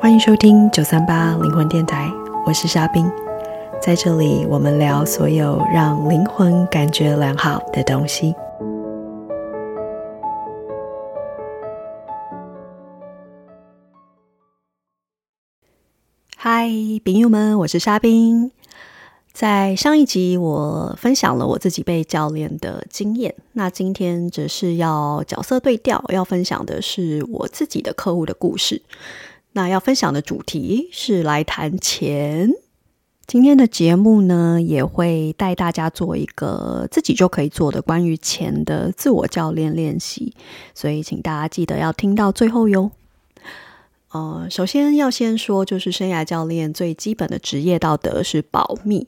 歡迎收聽九三八靈魂電台，我是莎賓，在這裡我們聊所有讓靈魂感覺良好的東西。嗨，朋友們，我是莎賓。在上一集，我分享了我自己被教練的經驗。那今天則是要角色對調，要分享的是我自己的客戶的故事。那要分享的主題是來談錢。今天的節目呢，也會帶大家做一個自己就可以做的關於錢的自我教練練習。所以，請大家記得要聽到最後喲。呃，首先要先說，就是生涯教練最基本的職業道德是保密。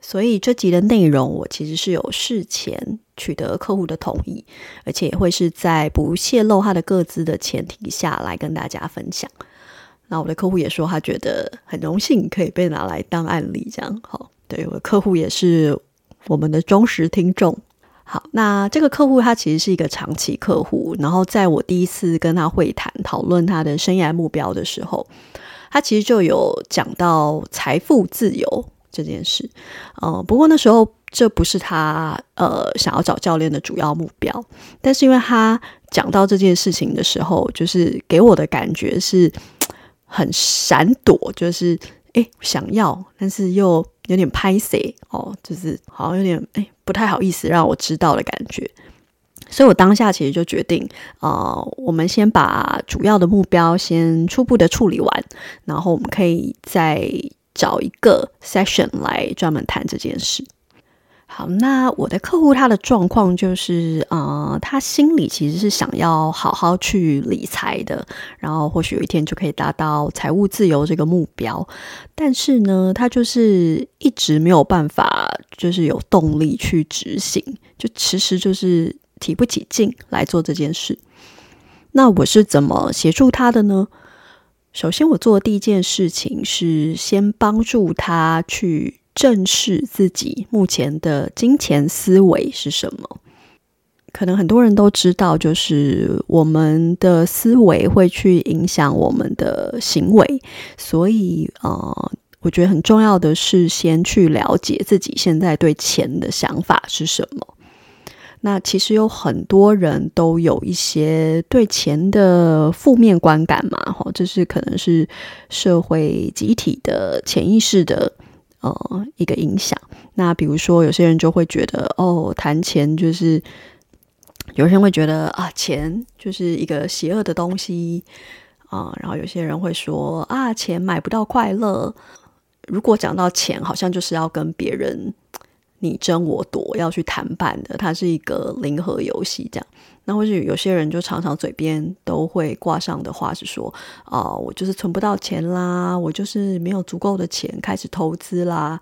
所以這集的內容，我其實是有事前取得客戶的同意，而且也會是在不洩露他的個資的前提下來跟大家分享。那我的客戶也說，他覺得很榮幸可以被拿來當案例，這樣好。對，我的客戶也是我們的忠實聽眾。好，那這個客戶他其實是一個長期客戶，然後在我第一次跟他會談討論他的生涯目標的時候，他其實就有講到財富自由這件事，呃，不過那時候這不是他呃想要找教練的主要目標，但是因為他講到這件事情的時候，就是給我的感覺是很閃躲，就是。誒，想要，但是又有點歹勢哦，就是好像有點誒，不太好意思讓我知道的感覺，所以我當下其實就決定啊、呃，我們先把主要的目標先初步的處理完，然後我們可以再找一個 session 來專門談這件事。好，那我的客戶他的狀況就是，呃，他心裡其實是想要好好去理財的，然後或許有一天就可以達到財務自由這個目標。但是呢，他就是一直沒有辦法，就是有動力去執行，就遲遲就是提不起勁來做這件事。那我是怎麼協助他的呢？首先，我做的第一件事情是先幫助他去。正視自己目前的金錢思維是什麼？可能很多人都知道，就是我們的思維會去影響我們的行為，所以呃，我覺得很重要的是先去了解自己現在對錢的想法是什麼。那其實有很多人都有一些對錢的負面觀感嘛，齁，這是可能是社會集體的潛意識的。呃、嗯，一個影響。那比如說，有些人就會覺得，哦，談錢就是；有些人會覺得啊，錢就是一個邪惡的東西啊、嗯。然後有些人會說啊，錢買不到快樂。如果講到錢，好像就是要跟別人。你爭我奪，要去談判的，它是一個零和遊戲。這樣，那或許有些人就常常嘴邊都會掛上的話是說：哦、呃，我就是存不到錢啦，我就是沒有足夠的錢開始投資啦，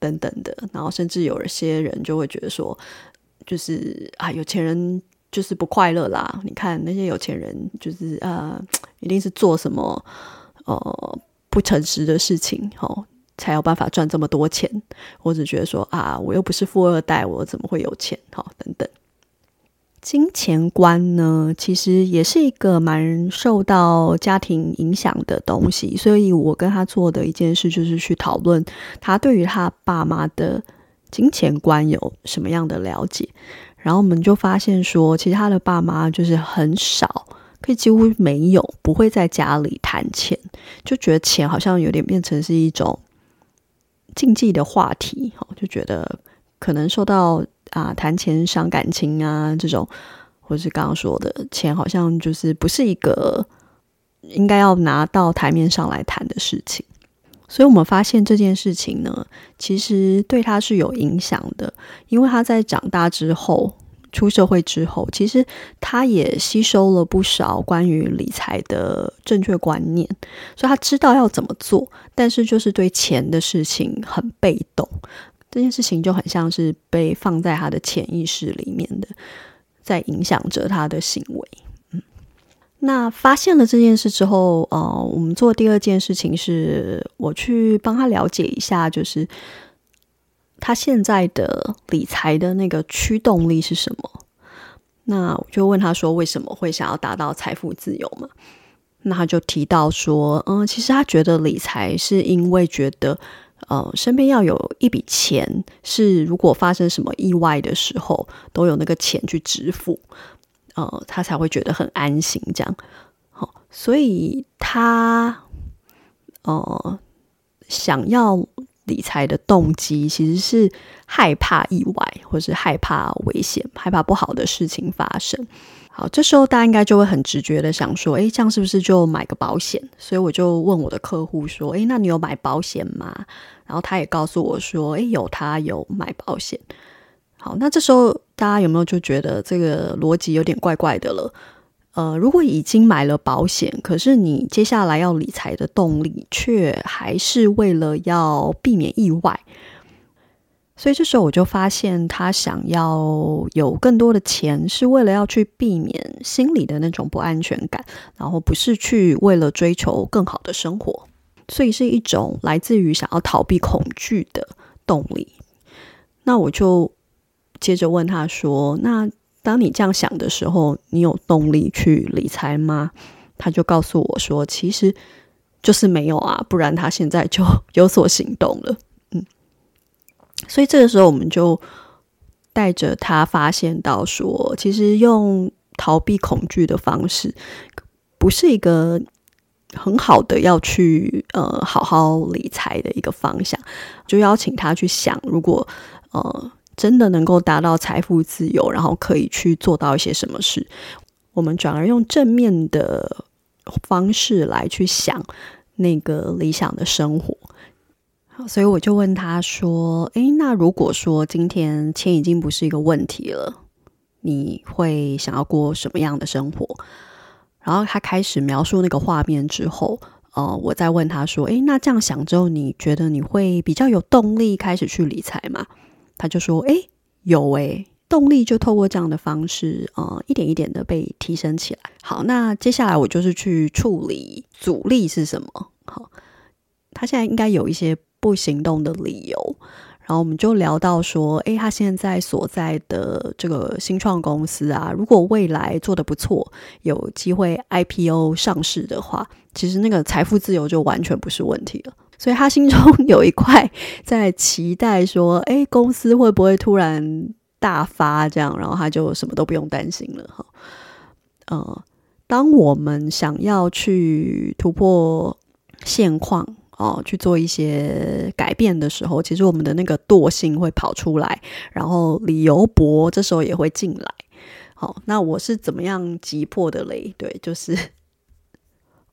等等的。然後，甚至有一些人就會覺得說，就是啊，有錢人就是不快樂啦。你看那些有錢人，就是呃，一定是做什麼呃不誠實的事情，吼、哦。才有辦法賺這麼多錢。或者覺得說啊，我又不是富二代，我又怎麼會有錢？好，等等，金錢觀呢，其實也是一個蠻受到家庭影響的東西。所以我跟他做的一件事，就是去討論他對於他爸媽的金錢觀有什麼樣的了解。然後我們就發現說，其實他的爸媽就是很少，可以幾乎沒有，不會在家裡談錢，就覺得錢好像有點變成是一種。禁忌的話題，就覺得可能受到啊，談錢傷感情啊，這種，或是剛剛說的，錢好像就是不是一個應該要拿到台面上來談的事情。所以，我們發現這件事情呢，其實對他是有影響的，因為他在長大之後。出社會之後，其實他也吸收了不少關於理財的正確觀念，所以他知道要怎麼做。但是，就是對錢的事情很被動，這件事情就很像是被放在他的潛意識裡面的，在影響着他的行為。嗯，那發現了這件事之後，呃，我們做第二件事情是我去幫他了解一下，就是。他現在的理財的那個驅動力是什麼？那我就問他說：“為什麼會想要達到財富自由嘛？”那他就提到說：“嗯，其實他覺得理財是因為覺得，呃，身邊要有一筆錢，是如果發生什麼意外的時候，都有那個錢去支付，呃，他才會覺得很安心。這樣，好，哦，所以他，呃，想要。”理財的動機其實是害怕意外，或是害怕危險，害怕不好的事情發生。好，這時候大家應該就會很直覺的想說，欸，這樣是不是就買個保險？所以我就問我的客戶說，欸，那你有買保險嗎？然後他也告訴我說，欸，有，他有買保險。好，那這時候大家有沒有就覺得這個邏輯有點怪怪的了？呃，如果已經買了保險，可是你接下來要理財的動力，卻還是為了要避免意外。所以這時候我就發現，他想要有更多的錢，是為了要去避免心裡的那種不安全感，然後不是去為了追求更好的生活，所以是一種來自於想要逃避恐懼的動力。那我就接着問他說：“那？”當你這樣想的時候，你有動力去理財嗎？他就告訴我說，其實就是沒有啊，不然他現在就有所行動了。嗯，所以這個時候，我們就帶着他發現到說，其實用逃避恐懼的方式，不是一個很好的要去呃好好理財的一個方向。就邀請他去想，如果呃。真的能夠達到財富自由，然後可以去做到一些什麼事？我們轉而用正面的方式來去想那個理想的生活。好，所以我就問他說：“誒，那如果說今天錢已經不是一個問題了，你會想要過什麼樣的生活？”然後他開始描述那個畫面之後，哦、呃，我再問他說：“誒，那這樣想之後，你覺得你會比較有動力開始去理財嗎？”他就說：“哎，有哎，動力就透過這樣的方式啊、呃，一點一點的被提升起來。好，那接下來我就是去處理阻力是什麼。好，他現在應該有一些不行動的理由。然後我們就聊到說，哎，他現在所在的這個新創公司啊，如果未來做得不錯，有機會 IPO 上市的話，其實那個財富自由就完全不是問題了。”所以他心中有一塊在期待，說：“哎、欸，公司會不會突然大發這樣？”然後他就什麼都不用擔心了哈。嗯、哦呃，當我們想要去突破現況哦，去做一些改變的時候，其實我們的那個惰性會跑出來，然後理由伯這時候也會進來。好、哦，那我是怎麼樣擊破的嘞？對，就是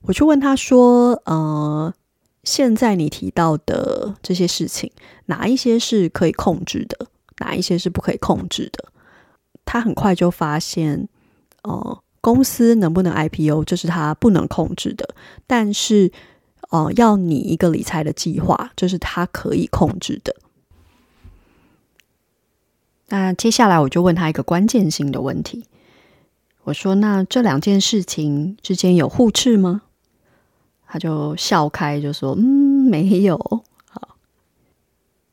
我去問他說：“呃。”現在你提到的這些事情，哪一些是可以控制的，哪一些是不可以控制的？他很快就發現，哦、呃，公司能不能 IPO 這是他不能控制的，但是，哦、呃，要你一個理財的計劃，這、就是他可以控制的。那接下來我就問他一個關鍵性的問題，我說：那這兩件事情之間有互斥嗎？他就笑開，就說：“嗯，沒有。好。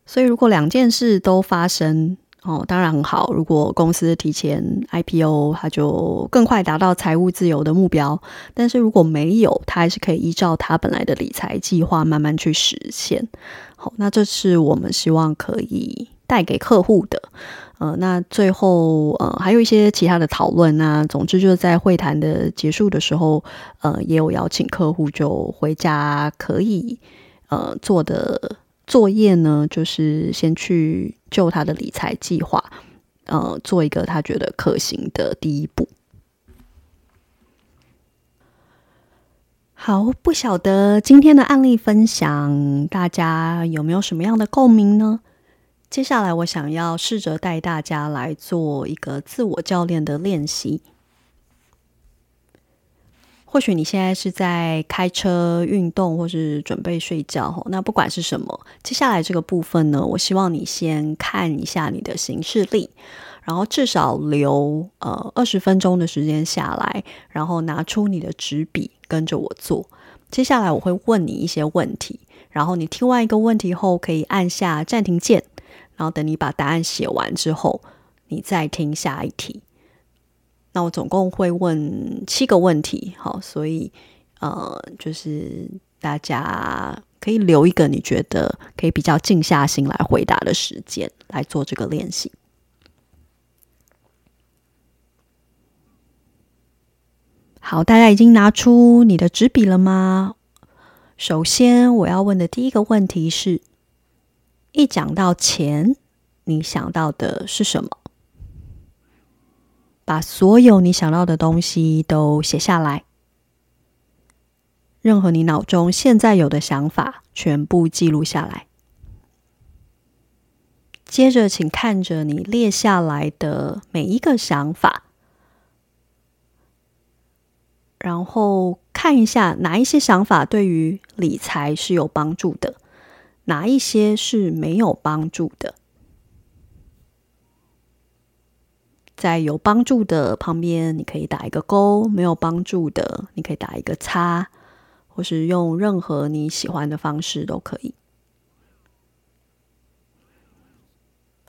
所以如果兩件事都發生，哦，當然很好。如果公司提前 IPO，他就更快達到財務自由的目標。但是如果沒有，他還是可以依照他本來的理財計劃慢慢去實現。好，那這是我們希望可以帶給客戶的。”呃，那最後呃，還有一些其他的討論啊。那總之就是在會談的結束的時候，呃，也有邀請客戶就回家可以呃做的作業呢，就是先去就他的理財計劃，呃，做一個他覺得可行的第一步。好，不曉得今天的案例分享，大家有沒有什麼樣的共鳴呢？接下來，我想要試着帶大家來做一個自我教練的練習。或許你現在是在開車、運動，或是準備睡覺哦。那不管是什麼，接下來這個部分呢，我希望你先看一下你的行事曆，然後至少留呃二十分鐘的時間下來，然後拿出你的紙筆，跟着我做。接下來我會問你一些問題，然後你聽完一個問題後，可以按下暫停鍵。然後等你把答案寫完之後，你再聽下一題。那我總共會問七個問題，好，所以呃，就是大家可以留一個你覺得可以比較靜下心來回答的時間來做這個練習。好，大家已經拿出你的紙筆了嗎？首先我要問的第一個問題是。一講到錢，你想到的是什麼？把所有你想到的東西都寫下來，任何你腦中現在有的想法全部記錄下來。接着，請看着你列下來的每一個想法，然後看一下哪一些想法對於理財是有幫助的。哪一些是沒有幫助的？在有幫助的旁邊，你可以打一個勾；沒有幫助的，你可以打一個叉，或是用任何你喜歡的方式都可以。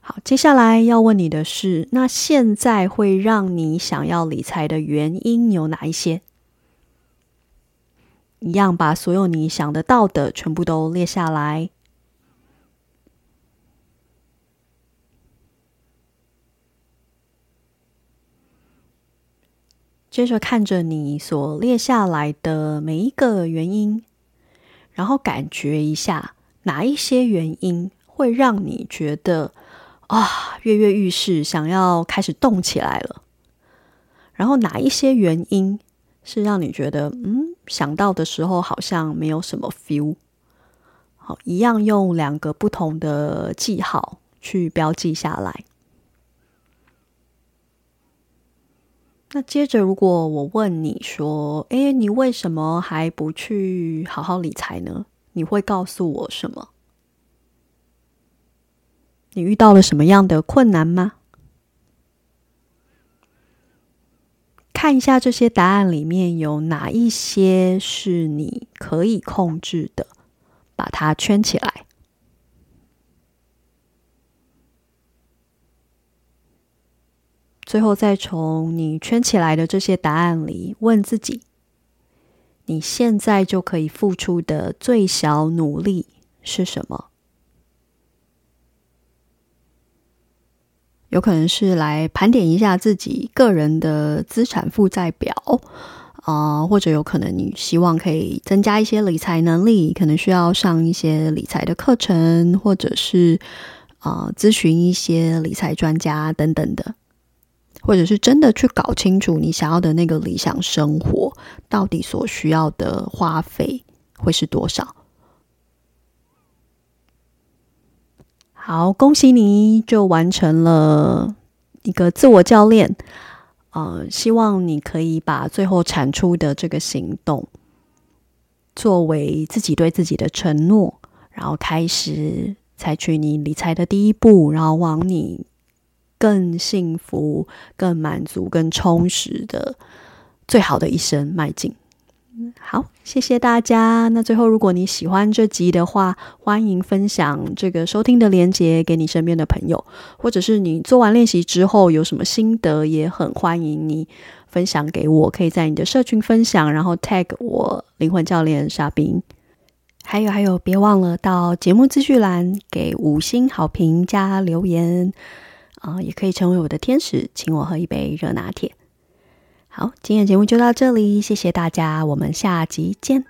好，接下來要問你的是：那現在會讓你想要理財的原因有哪一些？一樣把所有你想得到的全部都列下來。接着看着你所列下來的每一個原因，然後感覺一下哪一些原因會讓你覺得啊躍躍欲試，想要開始動起來了。然後哪一些原因是讓你覺得嗯想到的時候好像沒有什麼 feel。好，一樣用兩個不同的記號去標記下來。那接着，如果我問你說：“哎，你為什麼還不去好好理財呢？”你會告訴我什麼？你遇到了什麼樣的困難嗎？看一下這些答案裡面有哪一些是你可以控制的，把它圈起來。最後，再從你圈起來的這些答案裡問自己：你現在就可以付出的最小努力是什麼？有可能是來盤點一下自己個人的資產負債表啊、呃，或者有可能你希望可以增加一些理財能力，可能需要上一些理財的課程，或者是啊諮詢一些理財專家等等的。或者是真的去搞清楚你想要的那個理想生活到底所需要的花費會是多少？好，恭喜你就完成了一個自我教練。啊、呃，希望你可以把最後產出的這個行動作為自己對自己的承諾，然後開始採取你理財的第一步，然後往你。更幸福、更滿足、更充實的最好的一生邁進。嗯，好，謝謝大家。那最後，如果你喜歡這集的話，歡迎分享這個收聽的鏈接給你身邊的朋友，或者是你做完練習之後有什麼心得，也很歡迎你分享給我。可以在你的社群分享，然後 tag 我靈魂教練莎賓。還有還有，別忘了到節目資訊欄給五星好評加留言。啊，也可以成為我的天使，請我喝一杯熱拿鐵。好，今天的節目就到這裡，謝謝大家，我們下集見。